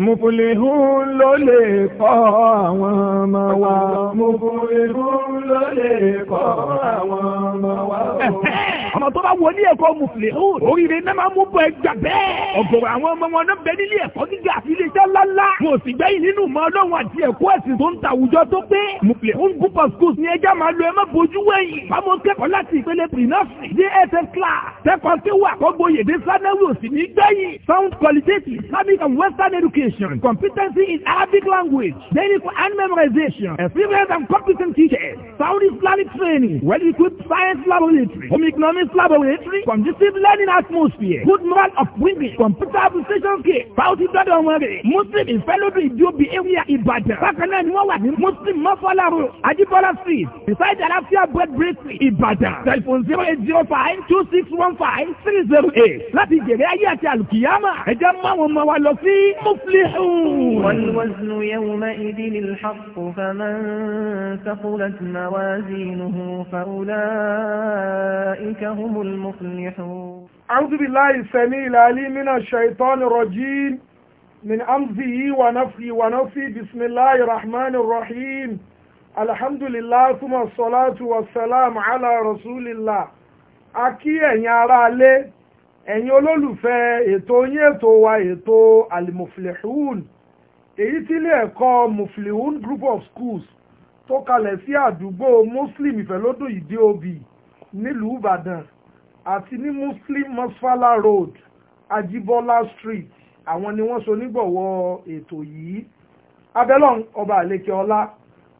Mùfúlihún ló lè kọ́ àwọn ọmọ wa. Mùfúlihún ló lè kọ́ àwọn ọmọ wa. Ọmọ tó bá wọ ní ẹ̀kọ́ Mùfúlihún. Oríire náà máa mú bọ ẹgbà bẹ́ẹ̀. Ọ̀gọ̀rọ̀ àwọn ọmọ wọn náà bẹ nílé ẹ̀kọ́ gíga àti iléeṣẹ́ ńláńlá. Mo sì gbẹ́yìn nínú ìmọ̀ ọlọ́run àti ẹ̀kọ́ ẹ̀sìn tó ń ta àwùjọ tó pé. Mùfúlihún group of schools ni ẹja máa lo ẹ má bojú wẹ̀yìn. Bámo kẹ́kọ̀ọ́ Sound qualitative Islamic and Western education memorization, competency in Arabic language, daily and memorization, experienced and competent teachers, sound Islamic training, well-equipped science laboratory, home economics laboratory, conducive learning atmosphere, good moral upbringing, computer application kit, bounty blood Muslim in fellowship ìjọ behavior Ìbàdàn. Bákan náà ni wọ́n wà ní Muslim Mọ́fọ́lá Road, Ajibola Street, beside Alafia Bread Bakery, Ìbàdàn. Telephone zero eight zero five two six one five three zero eight. Láti jèrè ayé àti àlùkìyámà, ẹ jẹ́ mọ́ àwọn ọmọ wa lọ sí Muslim. والوزن يومئذ الحق فمن ثقلت موازينه فأولئك هم المفلحون أعوذ بالله السميع العليم من الشيطان الرجيم من أمزه ونفي ونفي بسم الله الرحمن الرحيم الحمد لله ثم الصلاة والسلام على رسول الله akí يا aráalé ẹ̀yin olólùfẹ́ ètò yín ètò wa ètò alimuflihun èyí tí ilé ẹ̀kọ́ muflihun group of schools tó kalẹ̀ sí àdúgbò muslim ìfẹ́lódùn ìdí òbí nílùú ìbàdàn àti ní muslim masfala road ajibola street àwọn ni wọ́n so nígbọ̀wọ́ ètò yìí abẹ́lọ́n ọba àlekè ọlá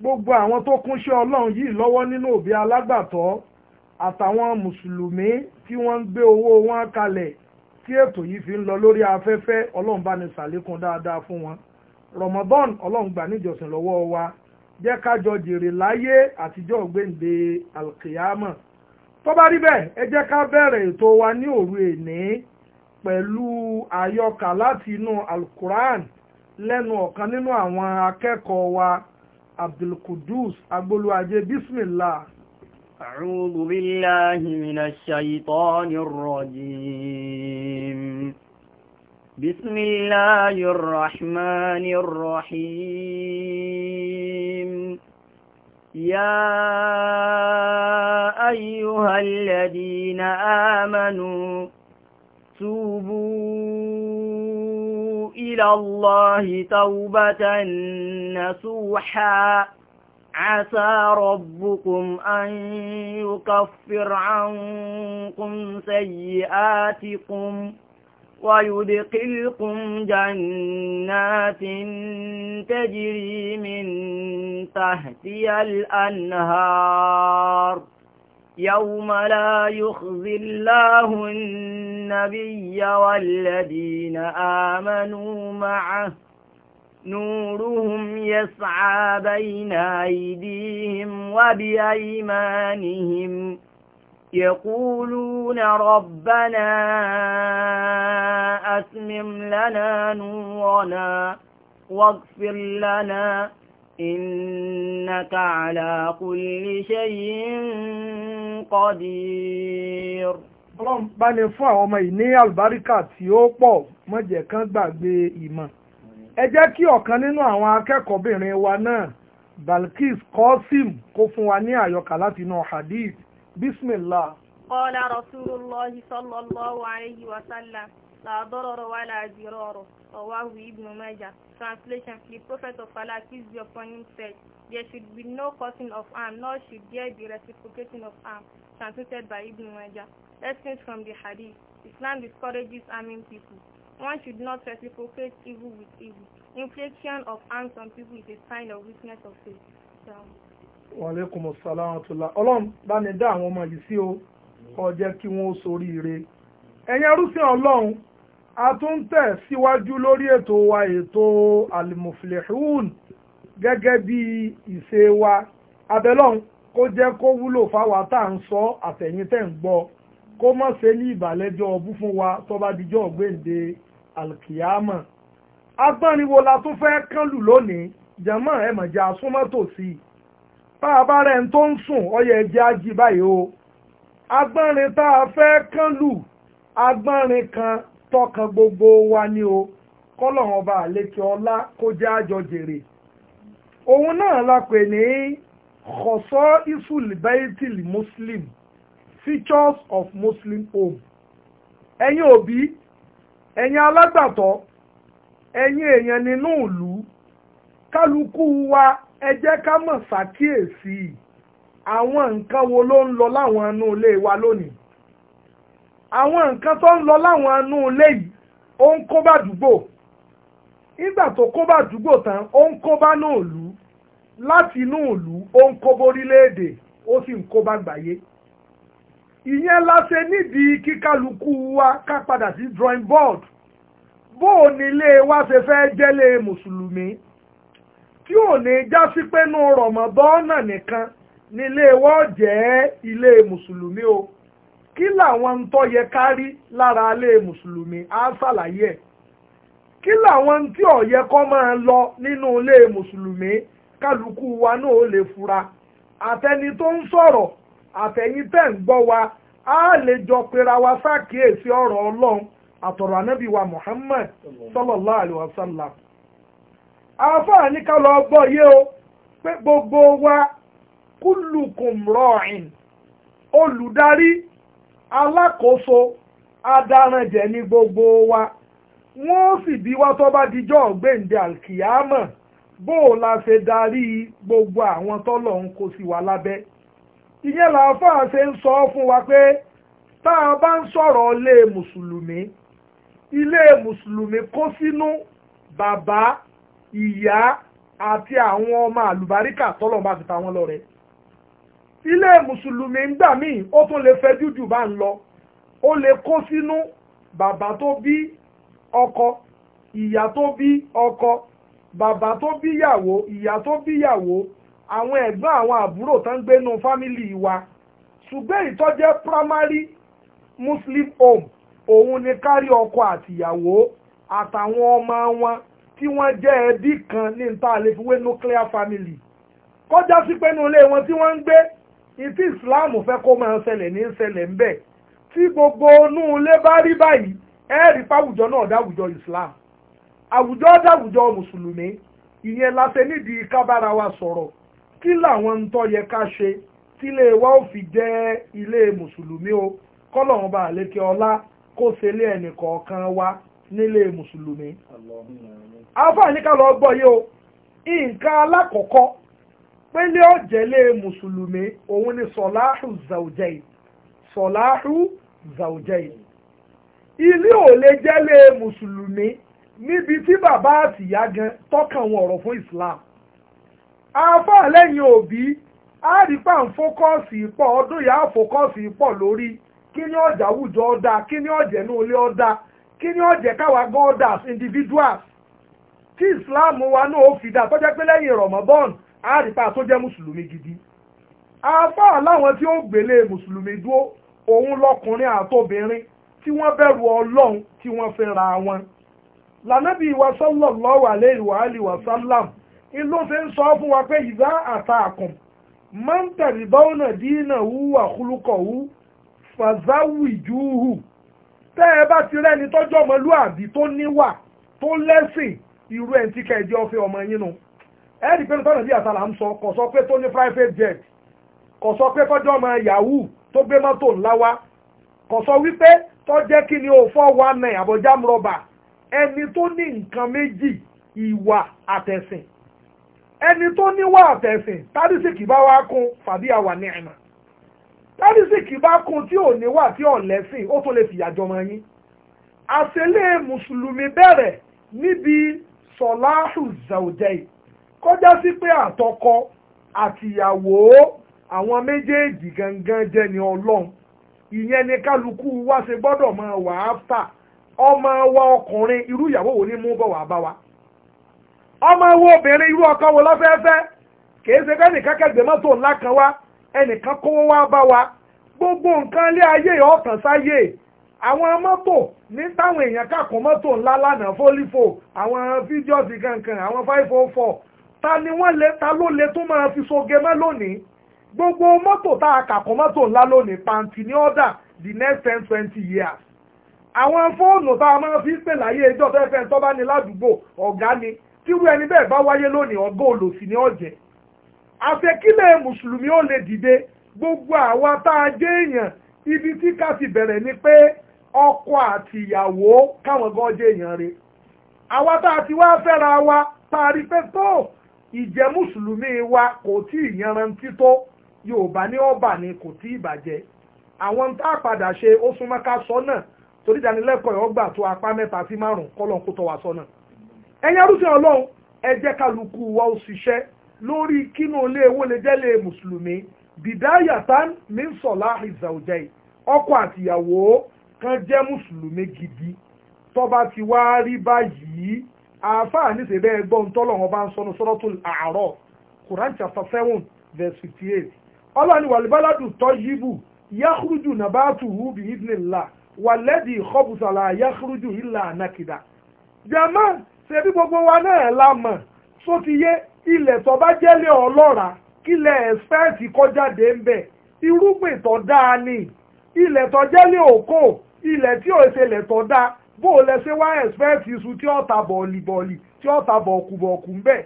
gbogbo àwọn tó kúnṣẹ́ ọlọ́run yìí lọ́wọ́ nínú òbí alágbàtọ́ àtàwọn mùsùlùmí tí wọ́n ń gbé owó wọn kalẹ̀ tí ètò yìí fi ń lọ lórí afẹ́fẹ́ ọlọ́run bá ní ṣàlékún dáadáa fún wọn Ramadan ọlọ́run gbà níjọsìn lọ́wọ́ wa jẹ́ ká jọ jèrè láyé àtijọ́ gbèǹde alkiyama tó bá rí bẹ́ẹ̀ ẹ jẹ́ ká bẹ̀rẹ̀ ètò wa ní òru èní pẹ̀lú àyọkà láti inú alukuran lẹ́nu ọ̀kan nínú àwọn akẹ́kọ̀ọ́ wa Abdulkudus agboluaje bismillah. أعوذ بالله من الشيطان الرجيم بسم الله الرحمن الرحيم يا أيها الذين آمنوا توبوا إلى الله توبة نصوحا عسى ربكم أن يكفر عنكم سيئاتكم ويدخلكم جنات تجري من تحتها الأنهار يوم لا يخزي الله النبي والذين آمنوا معه نورهم يسعى بين أيديهم وبأيمانهم يقولون ربنا أتمم لنا نورنا واغفر لنا إنك على كل شيء قدير ọlọ́run bá ní fún àwọn ọmọ ìní àlùbáríkà tí ó pọ̀ mọ́jẹ̀ kan gbàgbé ìmọ̀ ẹ jẹ́ kí ọ̀kan nínú àwọn akẹ́kọ̀ọ́bìnrin wa náà Balkis Qasim kó fún wa ní àyọkà láti inú hadith bismillah. qala rasulullah sallallahu alayhi wa sallam la wala jiroro rawahu ibn majah translation the prophet of allah peace be upon him said there should be no causing of harm nor should there be reciprocating of harm Translated by ibn majah lessons from the hadith islam discourages harming people One should not reciprocate evil with evil. Infliction of harm on people is a sign of weakness of faith. Wàlékùn Mùsàlámù Tùlá. Ọlọ́run bá ní dá àwọn ọmọ yìí sí o, kó jẹ́ kí wọ́n sórí ire. Ẹ̀yin arúsìn Ọlọ́run, a tún ń tẹ̀ síwájú lórí ètò wa ètò Al-Muflihun gẹ́gẹ́ bí ìṣe wa. Abẹ́lọ́run kó jẹ́ kó wúlò fáwa tá à ń ń gbọ́ kó má ṣe ní ìbàlẹ́jọ́ ọbú fún wa tó bá dijọ́ ọ̀gbẹ́ǹde alkiyama agbọ́nriwo la tó fẹ́ kánlù lónìí jẹ̀mọ́ ẹ̀ mọ̀ jẹ́ asúmọ́tò sí i tá a bá rẹ̀ ń tó ń sùn ọyẹ ẹ̀jẹ̀ ají báyìí o agbọ́nrin tá a fẹ́ kánlù agbọ́nrin kan tọkàn gbogbo wa ni o kọ́lọ́hún ọba àlékè ọlá kó jẹ́ àjọ jèrè òun náà la pè ní kọ̀sọ́ isulibaitil muslim features of muslim home ẹ̀yin òbí ẹ̀yin alagbato ẹ̀yin èèyàn nínú ìlú kálukú wa ẹ ká mọ̀ ṣàkíyèsí àwọn nǹkan wo ló ń lọ láwọn inú wa lónìí àwọn nǹkan tó ń lọ láwọn inú ilé yìí ó ń kó bá dùgbò nígbà tó kó bá dùgbò tán ó ń kó bá náà lù láti inú ìyẹn la ṣe nídìí kíkálukú wa ká padà sí drawing board bó o nílé wa ṣe fẹ́ jẹ́lé mùsùlùmí tí ò ní já sí pé nù rọ̀mọ̀dọ́nà nìkan nílé wa jẹ́ ilé mùsùlùmí o kí làwọn ń tọ́ yẹ kárí lára ilé mùsùlùmí á ṣàlàyé ẹ̀ kí làwọn tí ò yẹ kó máa lọ nínú ilé mùsùlùmí kálukú wa náà ó lè fura àtẹni tó ń sọ̀rọ̀ àtẹ̀yìn tẹ́ ń gbọ́ wa á lè jọ pera wa ṣàkíyèsí ọ̀rọ̀ ọlọ́run àtọ̀rọ̀ ànábì wa Muhammad sallallahu alaihi wasallam àfáà ní ká lọ gbọ́ yé o pé gbogbo wa kúlùkùn rọ̀ìn olùdarí alákòóso adaranjẹ ní gbogbo wa wọ́n sì bí wá tó bá dijọ́ ọ̀gbẹ́ǹde alkiyama bó o la ṣe darí gbogbo àwọn tọ́lọ̀ ń kó sí wa lábẹ́ ìyẹn làáfàá ṣe ń sọ fún wa pé tá a bá ń sọ̀rọ̀ ilé mùsùlùmí ilé mùsùlùmí kó sínú bàbá ìyá àti àwọn ọmọ àlùbáríkà tọ́lọ̀ bá ti ta wọ́n lọ́rẹ ilé mùsùlùmí ń gbà míì ó tún lè fẹjú jù bá ń lọ ó lè kó sínú bàbá tó bí ọkọ ìyá tó bí ọkọ bàbá tó bíyàwó ìyá tó bíyàwó àwọn ẹ̀gbọ́n àwọn àbúrò tó ń gbénu fámìlì wa ṣùgbọ́n èyí tó primary muslim home òun ni kárí ọkọ àtìyàwó àtàwọn ọmọ wọn tí wọ́n jẹ́ ẹbí kan ní níta àlefiwé nuclear family kọjá sí pé nílé wọn tí wọ́n ń gbé ìtí islam fẹ́ kó máa ṣẹlẹ̀ ní ṣẹlẹ̀ ń bẹ̀ tí gbogbo inú ilé bá rí báyìí ẹ̀ẹ́rì pàwùjọ náà dáwùjọ islam àwùjọ dáwùjọ mùsùlùmí ìyẹn la ṣe nídìí kábára wa sọ̀rọ̀ kí làwọn ń tọ́ yẹ ká ṣe tílé wa ò fi jẹ́ ilé mùsùlùmí o kọ́lọ́run bá àlékè ọlá kó ṣe lé ẹnì kọ̀ọ̀kan wa nílé mùsùlùmí. àfààní ká lọ gbọ́ yìí o nǹkan alákọ̀ọ́kọ́ pélé ọ̀jẹ̀lé mùsùlùmí òun ni sọ̀láhù zàwùjẹ́yì sọ̀láhù zàwùjẹ́yì. ilé ò jẹ́lé mùsùlùmí níbi tí bàbá àtìyá gan tọ́kàn wọn ọ̀rọ̀ fún Islam àáfàá lẹ́yìn òbí a rí pa ń fókọ́ọ̀sì pọ̀ ọdún yà á fókọ́ọ̀sì pọ̀ lórí kí ni ọjà àwùjọ ọ̀dà kí ni ọ̀jẹ̀ ní olé ọ̀dà kí ni ọ̀jẹ̀ káwa gan ọ̀dà individuals tí Islam wa náà ó fi dá tọ́jẹ́ pé lẹ́yìn Ramadan a rí pa tó jẹ́ mùsùlùmí gidi àáfàá láwọn tí ó gbélé mùsùlùmí dúró òun lọkùnrin àtobìnrin tí wọ́n bẹ̀rù ọlọ́run tí wọ́n fẹ́ ra wọn lànàbí wa sallallahu alayhi wa alihi wa sallam ló fi ń sọ fún wa pé ìdá àtàkùn máa ń tẹ̀lé báwọn náà dínà wú àkúlùkọ̀ wú fàzáwìjúhù tẹ́ ẹ bá ti rẹ́ni tọ́jọ́ ọmọlúàbí tó níwà tó lẹ́sìn irú ẹ̀ tí kẹ́ ẹ jẹ́ ọ̀fẹ́ ọmọ yín nu ẹ̀ẹ́dì pé nítorí bí àtàlà ń sọ kò sọ pé tó ní private jet kò sọ pé tọ́jọ́ ọmọ yahoo tó gbé mọ́tò ńlá wá kò sọ wípé tọ́jẹ́ kí ni o four one nine àbọ̀já mrọ̀bà ẹni tó ní nǹkan méjì ìwà àtẹ̀sìn ẹni tó níwà àtẹ̀sìn tárísìkì bá wá kún fàbí àwà ní ẹ̀mà tárísìkì bá kún tí ò níwà tí ò lẹ́sìn ó tó lè fìyà jọmọ yín àṣẹlẹ̀ mùsùlùmí bẹ̀rẹ̀ níbi sọláhù zàwùjẹ́ kọjá sí pé àtọkọ àtìyàwó àwọn méjèèjì gangan jẹ́ ni ọlọ́run ìyẹn ni kálukú wa ṣe gbọ́dọ̀ máa wà áfà ọmọ wa ọkùnrin irú ìyàwó wo ni mú bọ̀ wá wa. ọmọ ewu obìnrin irú ọkọ wo lọ́fẹ́ẹ́fẹ́ kìí ṣe fẹ́ nìkan kẹgbẹ́ mọ́tò ńlá kan wá ẹnìkan kówó wá bá wa gbogbo nǹkan lé ayé ọkàn sáyé àwọn mọ́tò ní táwọn èèyàn kàkún mọ́tò ńlá lánàá fólífò àwọn fídíọ̀sì kankan àwọn five oh four ta ni wọ́n lè ta ló lè tún máa fi soge mọ́ lónìí gbogbo mọ́tò tá a kàkún mọ́tò ńlá lónìí pàǹtì ní ọ̀dà the next ten twenty years àwọn fóònù tá a máa fi pè láyé ìjọ tó fẹ́ tó bá ní ládùúgbò ọ̀gá ni tíwú ẹni bẹ́ẹ̀ bá wáyé lónìí ọgọ́ olòṣì ní ọ̀jẹ̀ àfẹ́kílẹ̀ mùsùlùmí ó lè dìde gbogbo àwa tá a jẹ́ èèyàn ibi tí ká ti bẹ̀rẹ̀ ni pé ọkọ àtìyàwó káwọn gan jẹ́ èèyàn rẹ̀ àwa tá a ti wá fẹ́ra wa tá a rí pé tó ìjẹ́ mùsùlùmí wa kò tí ì yanrantí tó yorùbá ní ọ̀bà ni kò tí ì bàjẹ́ àwọn tá a padà ṣe ó súnmọ́ ká sọ náà torí ìdánilẹ́kọ̀ọ́ ọgbà tó apá mẹ́ta sí márùn-ún kọ́lọ́n tọ́ wa sọ náà ẹ̀yin arúfin ọlọ́run ẹ jẹ́ kálukú wa ó ṣiṣẹ́ lórí kínú ilé ewó lè jẹ́lé mùsùlùmí bìdáyàtán ní sọ̀lá ìzàwùjẹ́ ọkọ àtìyàwó kan jẹ́ mùsùlùmí gidi tọ́ba ti wá rí báyìí àáfàá níṣẹ́ bẹ́ẹ̀ gbọ́n tọ́lọ́run bá ń sọnù sọ́rọ́tò àárọ̀ Quran chapter seven verse fifty eight ọlọ́ni wàlúbáládù tọ́yíbù yáhùrújù nàbàtù hùbì ìdìnnìlá wàlẹ́dì ìkọ́bùsàlà yáhùrújù ìlà nàkìdá jama ṣe bí gbogbo wa náà la mọ̀ só ti yé ilẹ̀ tó bá jẹ́lẹ̀ ọlọ́ràá kílẹ̀ ẹ̀sfẹ́ẹ̀tì kọjáde ń bẹ̀ irúgbìn tó dáa ni ilẹ̀ tó jẹ́lẹ̀ òkò ilẹ̀ tí ò ṣe tó dáa bó o lẹ ṣe wá ẹ̀sfẹ́ẹ̀tì iṣu tí ó ta bọ̀ọ̀lì tí ó ta bọ̀ọ̀kùbọ̀ọ̀kù ń bẹ̀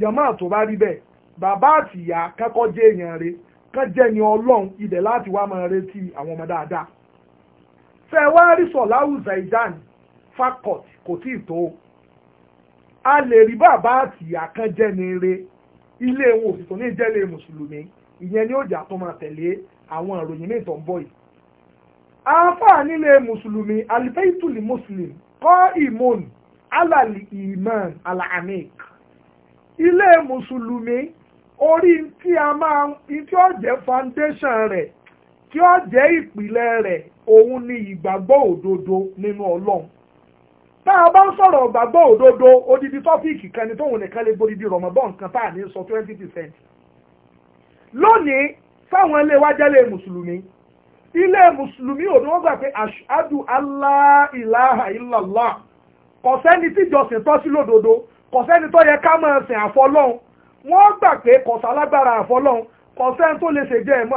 jẹ̀mọ́ tó bá rí bẹ́ẹ̀ bàbá àtìyá kẹ́kọ́ jẹ́ èèyàn rẹ̀ kán jẹ́ ni ọlọ́run ibẹ̀ láti wá máa retí àwọn ọmọ dáadáa fẹ́ wá rí sọ̀láhùn zaidan fakọ̀t kò tí tó a lè rí bàbá àti ìyá kan jẹ́ ní ire ilé wọn òsì tó ní ìjẹ́lẹ̀ mùsùlùmí ìyẹn ni ó jà tó máa tẹ̀lé àwọn ìròyìn mìíràn tó ń bọ̀ yìí. àáfàá nílé mùsùlùmí alifẹ́tùlì mùsùlùmí kọ́ ìmọ̀n alàlì ìmọ̀n alàmík. ilé mùsùlùmí orí tí a máa tí ó jẹ́ foundation rẹ̀ tí ó jẹ́ ìpìlẹ̀ rẹ̀ òun ni ìgbàgbọ́ òdodo nínú ọlọ́run tá a bá ń sọ̀rọ̀ gbàgbọ́ òdodo odidi tọ́píìkì kan ni tóun nìkan lè gbódìdí rọ̀mọ́bọ́n kan tá à ní sọ twenty percent lónìí fáwọn ilé wa jẹ́lẹ̀ mùsùlùmí ilé mùsùlùmí ò ní wọ́n gbà pé ashadu allah ilaha kò sẹ́ni tíjọsìn tọ́ sí lódodo kò sẹ́ni tó yẹ ká máa sìn wọ́n gbà pé kò sálágbára kò sẹ́ni tó lè ṣèjẹ́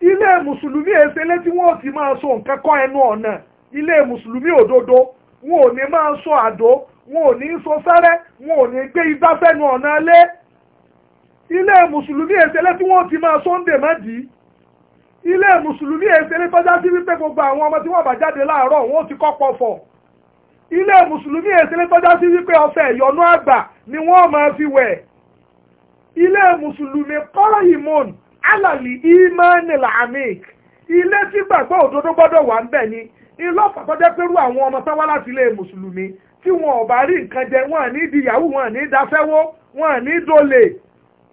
ilé mùsùlùmí èsèlé tí o ti máa so nǹkan kọ́ ẹnu ọ̀nà ilé mùsùlùmí òdodo wọn ò ní máa so àdó wọn ò ní so sẹ́rẹ́ wọn ò ní gbé igbá sẹ́nu ọ̀nà lé ilé mùsùlùmí èsèlé tí o ti máa so má ma í ilé mùsùlùmí èsèlé tọ́já sí wípé gbogbo àwọn ọmọ tí wọ́n bá jade láàárọ̀ wọn ò ti kọ́ pọ̀ fọ̀ ilé mùsùlùmí èsèlé tọ́já sí wípé ọ̀fẹ́ àgbà ni wọ́n fi wẹ̀ ilé mùsùlùmí alali imanil amik ilé tí gbàgbọ́ òdodo gbọ́dọ̀ wà ń bẹ̀ ni ìlọ́pàá tó de pẹ̀lú àwọn ọmọ sáwá láti ilé mùsùlùmí tí wọn nkan je rí nǹkan jẹ wọn ní di yahoo wọn ní dafẹ́wó wọn ní dole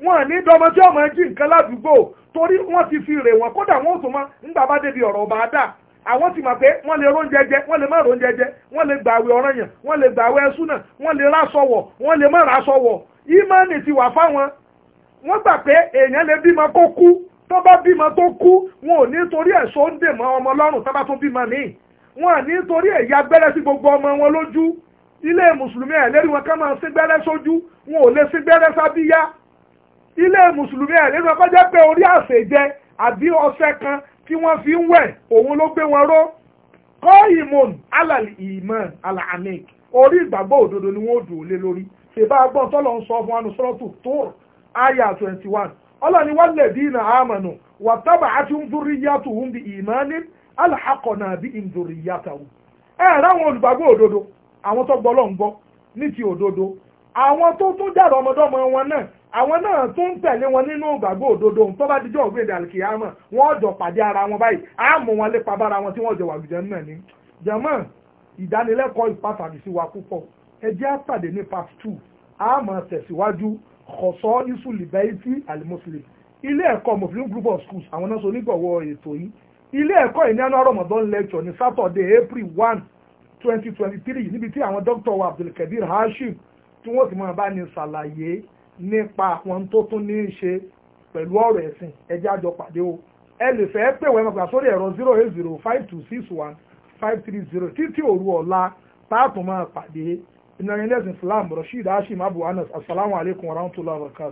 wọn ní ọmọ nǹkan ládùúgbò torí wọn ti fi rè wọn kódà wọn ò tó mọ nígbà bá débi ọ̀rọ̀ ọba dà àwọn ti mọ̀ pé wọ́n lè jẹ wọ́n lè má jẹ wọ́n lè gbàwé wọ́n lè gbàwé wọ́n lè wọ́n lè má ti wà fáwọn wọ́n gbà pé èèyàn lè bímọ kó kú tó bá bímọ tó kú wọn ò ní torí ẹ̀ só ń dè mọ́ ọmọ lọ́rùn tó bá tún bímọ míì wọn ò ní torí ẹ̀ ya gbẹ́rẹ́ sí gbogbo ọmọ wọn lójú ilé mùsùlùmí ẹ̀ lérí wọn ká máa sí gbẹ́rẹ́ sójú wọn ò lè sí gbẹ́rẹ́ sábíyá ilé mùsùlùmí ẹ̀ lérí wọn kọ́ jẹ́ pé orí àṣejẹ àbí ọṣẹ kan tí wọ́n fi ń wẹ̀ òun ló gbé wọn ró kọ́ ìmọ̀n alàlì ìmọ̀n alàmì orí ìgbàgbọ́ òdodo ni wọ́n dùn lé lórí ṣèbá aya 21 one ọlọ́ni wọ́n lè dín iná àmànù wà tábà àti ndúríyàtò ń bi ìmánì alhakọ̀nà bí ndúríyàtò. olùgbàgbọ́ òdodo àwọn tó gbọ́ lọ́n ní ti òdodo àwọn tó tún jáde ọmọdọ́mọ wọn náà àwọn náà tún ń tẹ̀lé wọn nínú ìgbàgbọ́ òdodo tó bá dijọ́ pàdé ara wọn báyìí àmọ́ wọn lépa kọ̀sọ́ ifulibaiti alimuslim ilé ẹ̀kọ́ muslim group of schools àwọn náà sọ onígbọ̀wọ́ ètò yìí ilé ẹ̀kọ́ yìí ní annual ramadan lecture ní saturday april one twenty twenty three níbi tí àwọn dókítà wa abdulkadir hashim tí wọ́n ti máa bá ní ṣàlàyé nípa àwọn tó tún ní í ṣe pẹ̀lú ọ̀rọ̀ ẹ̀sìn ẹjẹ́ àjọ pàdé o ẹ lè fẹ́ pè wọ́n ẹ̀mọ̀gbà sórí ẹ̀rọ zero eight zero five two six one five three zero títí òru ọ̀la táàtùn máa pàdé ìnáyẹn lẹ́sìn Islam Rasheed Hashim Abu Anas asalaamu alaykum wa rahmatulah wa barakatuh.